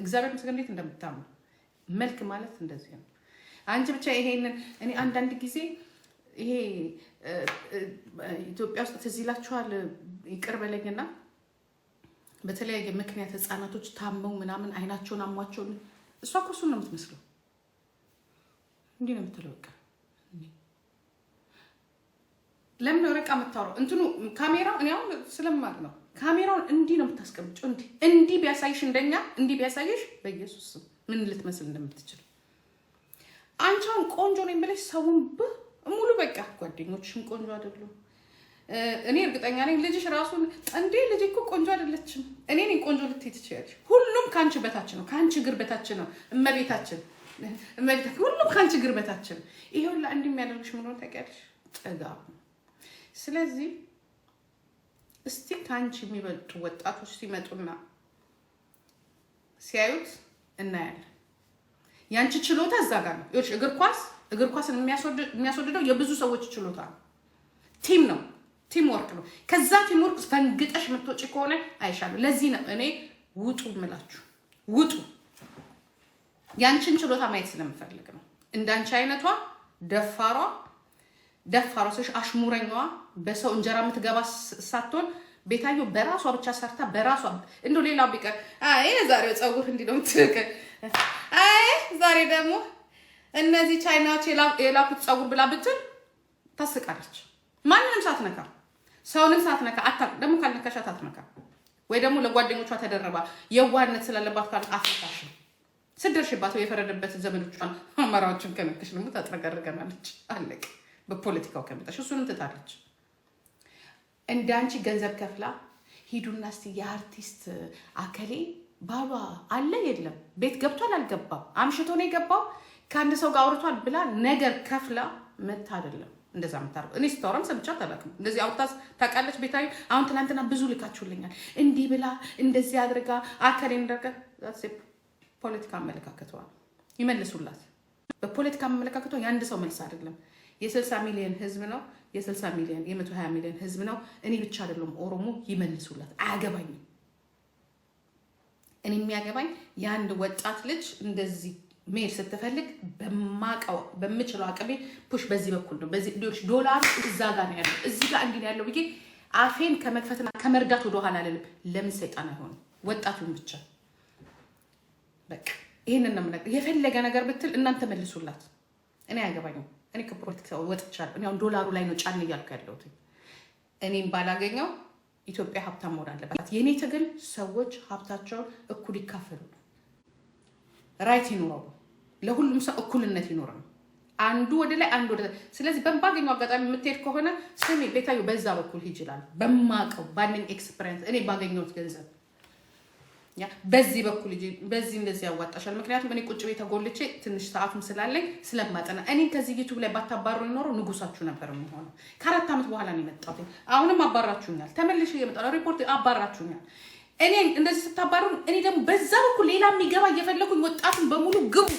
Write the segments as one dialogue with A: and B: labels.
A: እግዚአብሔር ምስክር እንዴት እንደምታምኑ መልክ ማለት እንደዚህ ነው። አንቺ ብቻ ይሄንን እኔ አንዳንድ ጊዜ ይሄ ኢትዮጵያ ውስጥ ትዝ ይላችኋል፣ ይቅር በለኝና በተለያየ ምክንያት ህፃናቶች ታመው ምናምን አይናቸውን አሟቸውን እሷ እኮ እሱን ነው የምትመስለው። እንዲህ ነው የምትለው። በቃ ለምን ወረቃ የምታወራው እንትኑ ካሜራው እኔ አሁን ስለማር ነው ካሜራውን እንዲህ ነው የምታስቀምጨው። እንዲህ እንዲህ ቢያሳይሽ እንደኛ እንዲህ ቢያሳይሽ በኢየሱስ ምን ልትመስል እንደምትችል አንቻውን ቆንጆ ነኝ ብለሽ ሰውን ብ ሙሉ በቃ ጓደኞችሽም ቆንጆ አይደሉም። እኔ እርግጠኛ ነኝ ልጅሽ ራሱን እንዴ ልጅ እኮ ቆንጆ አይደለችም። እኔ ነኝ ቆንጆ ልትይ ትችያለሽ። ሁሉም ከአንቺ በታች ነው፣ ከአንቺ እግር በታች ነው። እመቤታችን እመቤታችን፣ ሁሉም ከአንቺ እግር በታች ነው። ይሄ ሁላ እንዲህ የሚያደርግሽ ምን ሆነ ታውቂያለሽ? ጥጋብ ስለዚህ እስቲ ከአንቺ የሚበልጡ ወጣቶች ሲመጡና ሲያዩት እናያለን። ያንቺ ችሎታ እዛ ጋር ነው። እግር ኳስ እግር ኳስን የሚያስወድደው የብዙ ሰዎች ችሎታ ነው። ቲም ነው፣ ቲም ወርክ ነው። ከዛ ቲም ወርክ ፈንግጠሽ የምትወጪ ከሆነ አይሻልም። ለዚህ ነው እኔ ውጡ ምላችሁ፣ ውጡ ያንቺን ችሎታ ማየት ስለምፈልግ ነው። እንዳንቺ አይነቷ ደፋሯ ደፋሯ ስሽ አሽሙረኛዋ በሰው እንጀራ የምትገባ ሳትሆን ቤታዮ በራሷ ብቻ ሰርታ በራሷ እንዶ ሌላው ቢቀር አይ ዛሬው ፀጉር እንዲ ነው ትክክል፣ አይ ዛሬ ደግሞ እነዚህ ቻይናዎች የላኩት ፀጉር ብላ ብትል ታስቃለች። ማንንም ሳትነካ ሰውንም ሳትነካ አታ ደግሞ ካልነካሻት አትነካ ወይ ደግሞ ለጓደኞቿ ተደረባ የዋህነት ስላለባት ካል አፍታሽ ስደርሽባት የፈረደበት የፈረደበትን ዘመዶቿን አማራዎችን ከነክሽ ደግሞ ታጥረገርገናለች። አለቅ በፖለቲካው ከመጣሽ እሱንም ትታለች። እንደ ገንዘብ ከፍላ ሂዱና እስቲ የአርቲስት አከሌ ባሏ አለ የለም ቤት ገብቷል አልገባም አምሽቶ ነው የገባው ከአንድ ሰው ጋር አውርቷል ብላ ነገር ከፍላ መት አይደለም እንደዛ የምታደርገው እኔ ስታወራም ሰምቻት አላውቅም። እንደዚህ አውታ ታውቃለች ቤታዊ አሁን ትናንትና ብዙ ልካችሁልኛል። እንዲህ ብላ እንደዚህ አድርጋ አከሌ እንደርጋ ፖለቲካ አመለካከተዋል ይመልሱላት። በፖለቲካ አመለካከቷ የአንድ ሰው መልስ አይደለም። የ60 ሚሊዮን ህዝብ ነው። የ60 ሚሊዮን የ120 ሚሊዮን ህዝብ ነው። እኔ ብቻ አይደለም ኦሮሞ ይመልሱላት። አያገባኝም። እኔ የሚያገባኝ የአንድ ወጣት ልጅ እንደዚህ መሄድ ስትፈልግ በማቀው በምችለው አቅሜ ፑሽ በዚህ በኩል ነው። በዚህ ዶላር እዛ ጋር ነው ያለው፣ እዚህ ጋር እንዲህ ነው ያለው ብዬ አፌን ከመክፈትና ከመርዳት ወደኋላ አልልም። ለምን ሰይጣን አይሆንም? ወጣቱን ብቻ በቃ ይህንን ነው የምነግርህ። የፈለገ ነገር ብትል እናንተ መልሱላት። እኔ አያገባኝም። እኔ ከፖለቲክስ ወጥቻለሁ። እኔ አሁን ዶላሩ ላይ ነው ጫን እያልኩ ያለሁት። እኔም ባላገኘው ኢትዮጵያ ሀብታም መሆን አለባት። የኔ ትግል ሰዎች ሀብታቸውን እኩል ይካፈሉ፣ ራይት ይኖረው ለሁሉም ሰው እኩልነት ይኑረው። አንዱ ወደ ላይ አንዱ ወደ ስለዚህ በማገኘው አጋጣሚ የምትሄድ ከሆነ ስሜ ቤታዩ በዛ በኩል ይችላል በማቀው ባለኝ ኤክስፐሪንስ እኔ ባገኘሁት ገንዘብ በዚህ በኩል በዚህ እንደዚህ ያዋጣሻል። ምክንያቱም እኔ ቁጭ ቤት ተጎልቼ ትንሽ ሰዓቱም ስላለኝ ስለማጠና እኔ ከዚህ ዩቱብ ላይ ባታባሩ ኖሮ ንጉሳችሁ ነበር የምሆነው። ከአራት ዓመት በኋላ ነው የመጣሁት። አሁንም አባራችሁኛል። ተመልሼ እየመጣሁ ሪፖርት አባራችሁኛል። እኔ እንደዚህ ስታባሩ፣ እኔ ደግሞ በዛ በኩል ሌላ የሚገባ እየፈለጉኝ ወጣቱን በሙሉ ግቡ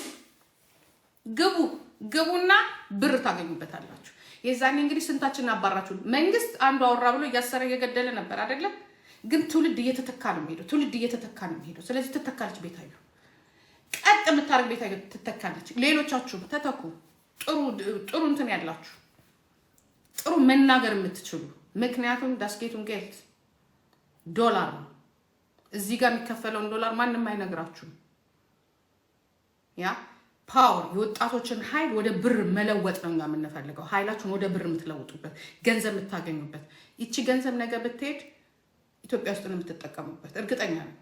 A: ግቡ ግቡና ብር ታገኙበታላችሁ። የዛኔ እንግዲህ ስንታችን አባራችሁ። መንግስት አንዱ አወራ ብሎ እያሰረ እየገደለ ነበር አይደለም ግን ትውልድ እየተተካ ነው የሚሄደው። ትውልድ እየተተካ ነው የሚሄደው። ስለዚህ ትተካለች። ቤታዩ ቀጥ የምታደርግ ቤታዩ ትተካለች። ሌሎቻችሁም ተተኩ። ጥሩ እንትን ያላችሁ ጥሩ መናገር የምትችሉ ምክንያቱም ዳስጌቱን ጌልት ዶላር ነው እዚህ ጋር የሚከፈለውን ዶላር ማንም አይነግራችሁም። ያ ፓወር የወጣቶችን ኃይል ወደ ብር መለወጥ ነው እኛ የምንፈልገው። ኃይላችሁን ወደ ብር የምትለውጡበት ገንዘብ የምታገኙበት። ይቺ ገንዘብ ነገር ብትሄድ ኢትዮጵያ ውስጥ ነው የምትጠቀሙበት። እርግጠኛ ነው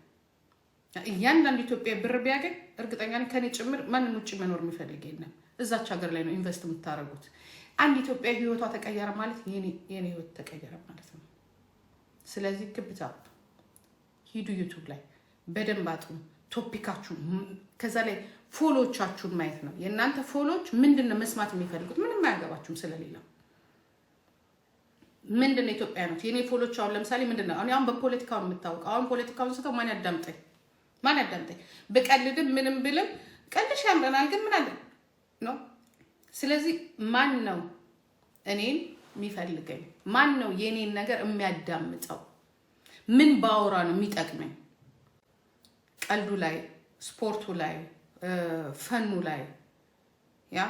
A: እያንዳንዱ ኢትዮጵያ ብር ቢያገኝ እርግጠኛ ነኝ ከኔ ጭምር ማንም ውጭ መኖር የሚፈልግ የለም። እዛች ሀገር ላይ ነው ኢንቨስት የምታደርጉት። አንድ ኢትዮጵያ ህይወቷ ተቀየረ ማለት የኔ ህይወት ተቀየረ ማለት ነው። ስለዚህ ክብታ ሂዱ ዩቱብ ላይ በደንብ አጥኑ ቶፒካችሁን። ከዛ ላይ ፎሎዎቻችሁን ማየት ነው። የእናንተ ፎሎዎች ምንድን ነው መስማት የሚፈልጉት? ምንም አያገባችሁም ስለሌለው ምንድን ነው ኢትዮጵያኖች የኔ ፎሎች አሁን ለምሳሌ ምንድን ነው አሁን በፖለቲካው የምታውቀው አሁን ፖለቲካውን ስተው ማን ያዳምጠኝ ማን ያዳምጠኝ ብቀልድም ምንም ብልም ቀልሽ ያምረናል ግን ምን አለ ነው ስለዚህ ማን ነው እኔን የሚፈልገኝ ማን ነው የእኔን ነገር የሚያዳምጠው ምን ባወራ ነው የሚጠቅመኝ ቀልዱ ላይ ስፖርቱ ላይ ፈኑ ላይ ያ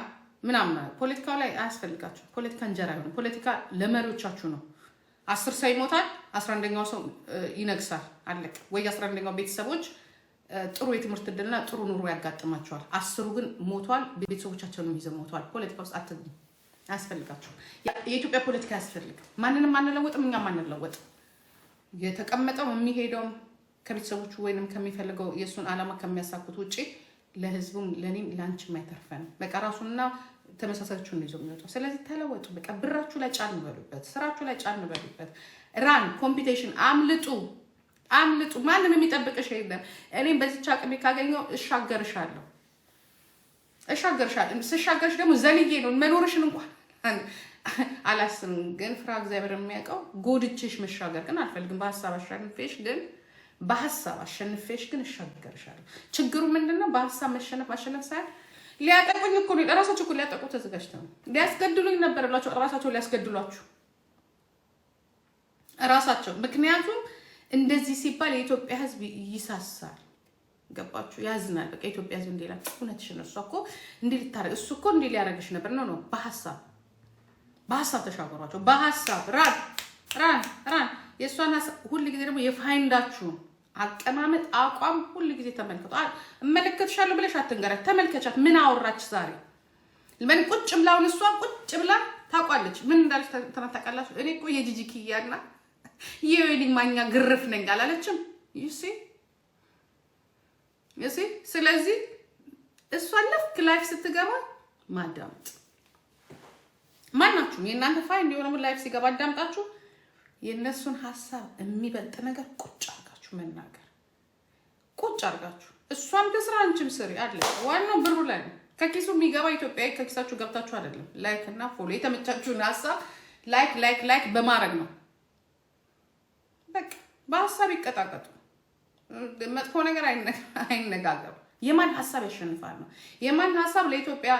A: ምናምን ፖለቲካው ላይ አያስፈልጋችሁ። ፖለቲካ እንጀራ ይሆን ፖለቲካ ለመሪዎቻችሁ ነው። አስር ሰው ይሞታል፣ አስራ አንደኛው ሰው ይነግሳል። አለቅ ወይ አስራ አንደኛው ቤተሰቦች ጥሩ የትምህርት እድልና ጥሩ ኑሮ ያጋጥማቸዋል። አስሩ ግን ሞቷል፣ ቤተሰቦቻቸውን ይዘው ሞቷል። ፖለቲካ ውስጥ አትግቡ፣ አያስፈልጋችሁ። የኢትዮጵያ ፖለቲካ አያስፈልግም። ማንንም አንለወጥም፣ እኛም አንለወጥም። የተቀመጠው የሚሄደውም ከቤተሰቦቹ ወይንም ከሚፈልገው የእሱን አላማ ከሚያሳኩት ውጭ ለህዝቡም ለእኔም ለአንቺም አይተርፈንም። በቃ ራሱና ተመሳሳያችሁን ነው ይዞ የሚወጣው። ስለዚህ ተለወጡ። በቃ ብራችሁ ላይ ጫን በሉበት፣ ስራችሁ ላይ ጫን በሉበት። ራን ኮምፒቴሽን አምልጡ፣ አምልጡ። ማንም የሚጠብቅሽ የለም። እኔም በዚች አቅሜ ካገኘው እሻገርሻለሁ፣ እሻገርሻለሁ። ስሻገርሽ ደግሞ ዘልዬ ነው መኖርሽን እንኳን አላስብም። ግን ፍራ እግዚአብሔር የሚያውቀው ጎድቼሽ መሻገር ግን አልፈልግም። በሀሳብ አሸንፌሽ ግን በሀሳብ አሸንፌሽ ግን እሻገርሻለሁ። ችግሩ ምንድነው? ነው? በሀሳብ መሸነፍ ማሸነፍ ሳይሆን ሊያጠቁኝ እኮ ነው። ራሳቸው እኮ ሊያጠቁ ተዘጋጅተው ሊያስገድሉኝ ነበር ብላችሁ ራሳቸው ሊያስገድሏችሁ ራሳቸው። ምክንያቱም እንደዚህ ሲባል የኢትዮጵያ ሕዝብ ይሳሳል። ገባችሁ? ያዝናል። በቃ የኢትዮጵያ ሕዝብ እንዲላ እውነትሽን፣ እሷ እኮ እንዲህ ልታረግ እሱ እኮ እንዲህ ሊያረግሽ ነበር ነው ነው። በሀሳብ በሀሳብ ተሻገሯቸው። በሀሳብ ራን ራን ራን የእሷን ሀሳብ ሁል ጊዜ ደግሞ የፋይንዳችሁን አቀማመጥ፣ አቋም ሁሉ ጊዜ ተመልከቷ። እመለከትሻለሁ ብለሽ አትንገራት። ተመልከቻት። ምን አወራች ዛሬ? ምን ቁጭ ብላውን እሷ ቁጭ ብላ ታውቋለች። ምን እንዳለች ተናታቃላችሁ። እኔ እኮ የጂጂ ኪያና የወይኒግ ማኛ ግርፍ ነኝ አላለችም። ይሲ ይሲ። ስለዚህ እሷ ለፍክ ላይፍ ስትገባ ማዳመጥ ማናችሁም የእናንተ ፋይ እንዲሆነ ላይፍ ሲገባ አዳምጣችሁ የእነሱን ሀሳብ የሚበልጥ ነገር ቁጫ አድርጋችሁ መናገር ቁጭ አድርጋችሁ እሷም ከስራ አንቺም ስሪ አለ። ዋናው ብሩ ላይ ነው። ከኪሱ የሚገባ ኢትዮጵያዊ ከኪሳችሁ ገብታችሁ አይደለም። ላይክ እና ፎሎ የተመቻችሁን ሀሳብ ላይክ ላይክ ላይክ በማድረግ ነው። በቃ በሀሳብ ይቀጣቀጡ። መጥፎ ነገር አይነጋገሩ። የማን ሀሳብ ያሸንፋል ነው። የማን ሀሳብ ለኢትዮጵያ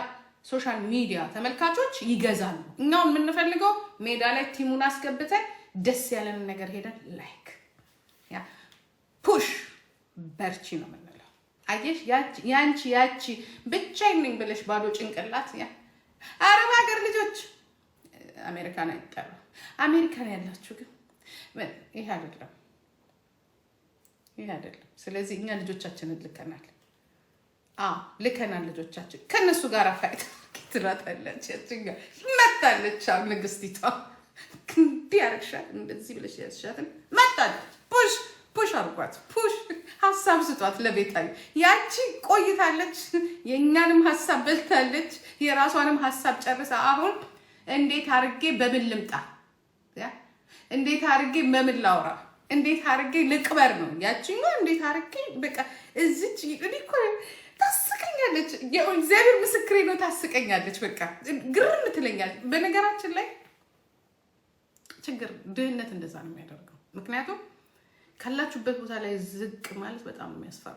A: ሶሻል ሚዲያ ተመልካቾች ይገዛሉ። እኛው የምንፈልገው ሜዳ ላይ ቲሙን አስገብተን ደስ ያለን ነገር ሄደን ላይክ ፑሽ በርቺ ነው የምንለው። አየሽ ያንቺ ያቺ ብቻዬን ብለሽ ባዶ ጭንቅላት ያ አረብ ሀገር ልጆች አሜሪካን አይጠሩ አሜሪካን ያላችሁ ግን ይህ አይደለም፣ ይህ አይደለም። ስለዚህ እኛ ልጆቻችንን ልከናል። ልከናል። ልጆቻችን ከእነሱ ጋር ፋይት ትላታለች። ያችን ጋር መታለች። ንግስቲቷ እንዲህ ያረግሻት እንደዚህ ብለሽ ያዝሻትን መታለች። ፑሽ አርጓት፣ ፑሽ ሀሳብ ስጧት ለቤታዊ። ያቺ ቆይታለች፣ የእኛንም ሀሳብ በልታለች፣ የራሷንም ሀሳብ ጨርሳ አሁን እንዴት አርጌ በምን ልምጣ፣ እንዴት አርጌ መምን ላውራ፣ እንዴት አርጌ ልቅበር ነው ያቺኛ። እንዴት አርጌ በቃ እዚች እኮ ታስቀኛለች። እግዚአብሔር ምስክሬ ነው፣ ታስቀኛለች። በቃ ግርም ትለኛለች። በነገራችን ላይ ችግር ድህነት እንደዛ ነው የሚያደርገው ምክንያቱም ካላችሁበት ቦታ ላይ ዝቅ ማለት በጣም የሚያስፈራ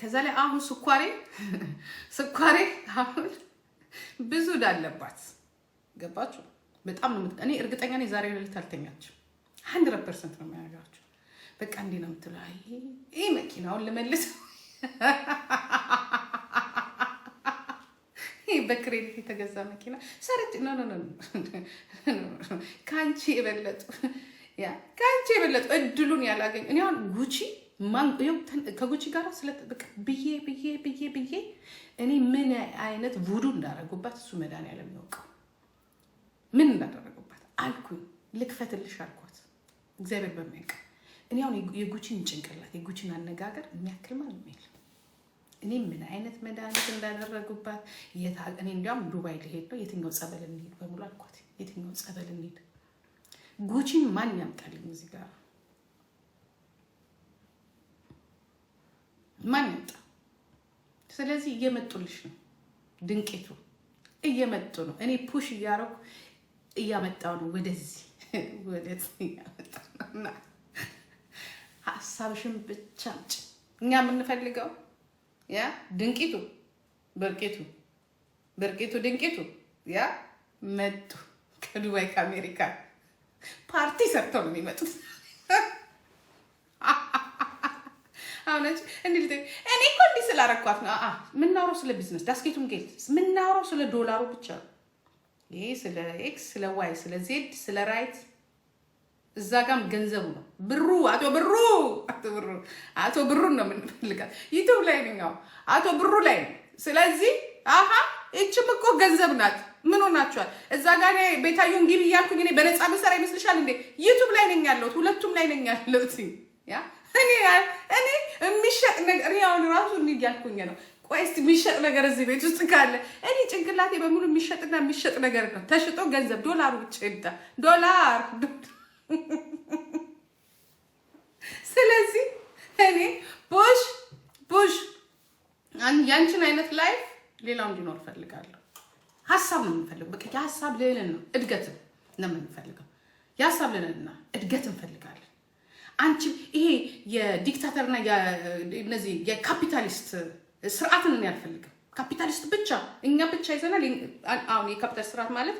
A: ከዛ ላይ አሁን ስኳሬ ስኳሬ አሁን ብዙ ዳለባት ገባችሁ። በጣም ነው እኔ እርግጠኛ ነኝ ዛሬ ሌሊት አልተኛችሁ። ሀንድረድ ፐርሰንት ነው የሚያገራችሁ። በቃ እንዲህ ነው የምትለው። ይሄ ይህ መኪናውን ልመልስ በክሬዲት የተገዛ መኪና ሰርጭ ኖ ኖ ኖ ከአንቺ የበለጡ ከአንቺ የበለጠ እድሉን ያላገኝ እኔ አሁን ጉቺ ከጉቺ ጋር ብዬ ብዬ ብዬ ብዬ እኔ ምን አይነት ቡዱ እንዳደረጉባት እሱ መድኃኒዓለም የሚያውቀው ምን እንዳደረጉባት አልኩኝ። ልክፈትልሽ አልኳት እግዚአብሔር በሚያውቅ እኔ አሁን የጉቺን ጭንቅላት የጉቺን አነጋገር የሚያክል ማለት ነው የለም። እኔ ምን አይነት መድኃኒት እንዳደረጉባት እኔ እንዲያውም ዱባይ ሊሄድ ነው የትኛው ጸበል እንሂድ በሙሉ አልኳት። የትኛው ጸበል እንሂድ ጉቺን ማን ያምጣልኝ? እዚህ ጋር ማን ያምጣ? ስለዚህ እየመጡልሽ ነው ድንቄቱ፣ እየመጡ ነው። እኔ ፑሽ እያደረኩ እያመጣው ነው ወደዚህ ወደዚህ እያመጣ ሀሳብሽን ብቻ አምጪ። እኛ የምንፈልገው ያ ድንቂቱ በርቂቱ በርቄቱ ድንቂቱ ያ መጡ ከዱባይ ከአሜሪካ ፓርቲ ሰርተው ነው የሚመጡት። አሁነች እንዲህ እኔ እኮ እንዲህ ስላረኳት ነው ምናውረው፣ ስለ ቢዝነስ ዳስኬቱን ጌት ምናውረው፣ ስለ ዶላሩ ብቻ ነው። ይሄ ስለ ኤክስ፣ ስለ ዋይ፣ ስለ ዜድ፣ ስለ ራይት እዛ ጋም ገንዘቡ ነው ብሩ። አቶ ብሩ አቶ ብሩ አቶ ብሩ ነው የምንፈልጋት ዩቱብ ላይ ነው አቶ ብሩ ላይ ስለዚህ አሀ ይችም እኮ ገንዘብ ናት። ምን ሆናችኋል? እዛ ጋር ቤታዩን ግቢ እያልኩኝ እኔ በነፃ መሰራ ይመስልሻል እንዴ? ዩቱብ ላይ ነኝ ያለሁት፣ ሁለቱም ላይ ነኝ ያለሁት። እኔ የሚሸጥ ነገር ያውን ራሱ እያልኩኝ ነው። ቆይ እስኪ የሚሸጥ ነገር እዚህ ቤት ውስጥ ካለ እኔ ጭንቅላቴ በሙሉ የሚሸጥና የሚሸጥ ነገር ነው። ተሽጦ ገንዘብ ዶላር ውጭ ዳ ዶላር። ስለዚህ እኔ ቡሽ ቡሽ ያንቺን አይነት ላይፍ ሌላው እንዲኖር ፈልጋለሁ። ሀሳብ ነው የምንፈልገው። በቃ የሀሳብ ልዕልን ነው ነው የምንፈልገው። የሀሳብ ልዕልና እድገት እንፈልጋለን። አንቺ ይሄ የዲክታተርና እነዚህ የካፒታሊስት ስርዓትን እኔ አልፈልግም። ካፒታሊስት ብቻ እኛ ብቻ ይዘናል። አሁን የካፒታሊስት ስርዓት ማለት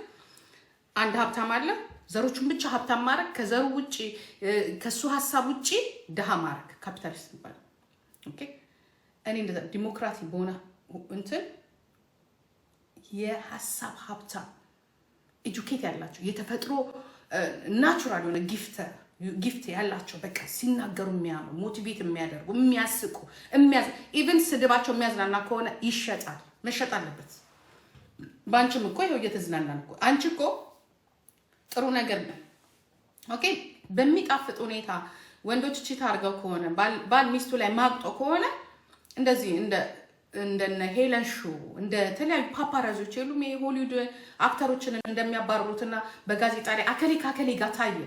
A: አንድ ሀብታም አለ ዘሮቹን ብቻ ሀብታም ማድረግ፣ ከዘሩ ውጭ ከእሱ ሀሳብ ውጭ ድሃ ማድረግ ካፒታሊስት ይባላል። እኔ ዲሞክራሲ በሆነ እንትን የሀሳብ ሀብታም ኤጁኬት ያላቸው የተፈጥሮ ናቹራል የሆነ ጊፍት ያላቸው በቃ ሲናገሩ የሚያምሩ ሞቲቬት የሚያደርጉ የሚያስቁ፣ ኢቨን ስድባቸው የሚያዝናና ከሆነ ይሸጣል፣ መሸጥ አለበት። በአንቺም እኮ ይኸው እየተዝናናን እኮ አንቺ እኮ ጥሩ ነገር ነው። ኦኬ በሚጣፍጥ ሁኔታ ወንዶች ቺት አድርገው ከሆነ ባል ሚስቱ ላይ ማግጦ ከሆነ እንደዚህ እንደነ ሄለን ሹ እንደ ተለያዩ ፓፓራዞች የሉም የሆሊውድ አክተሮችን እንደሚያባርሩትና በጋዜጣ ላይ አከሌ ከአከሌ ጋር ታየ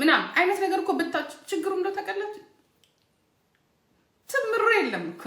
A: ምናምን አይነት ነገር እኮ ብታ ችግሩ እንደተቀላች ትምሮ የለም እኮ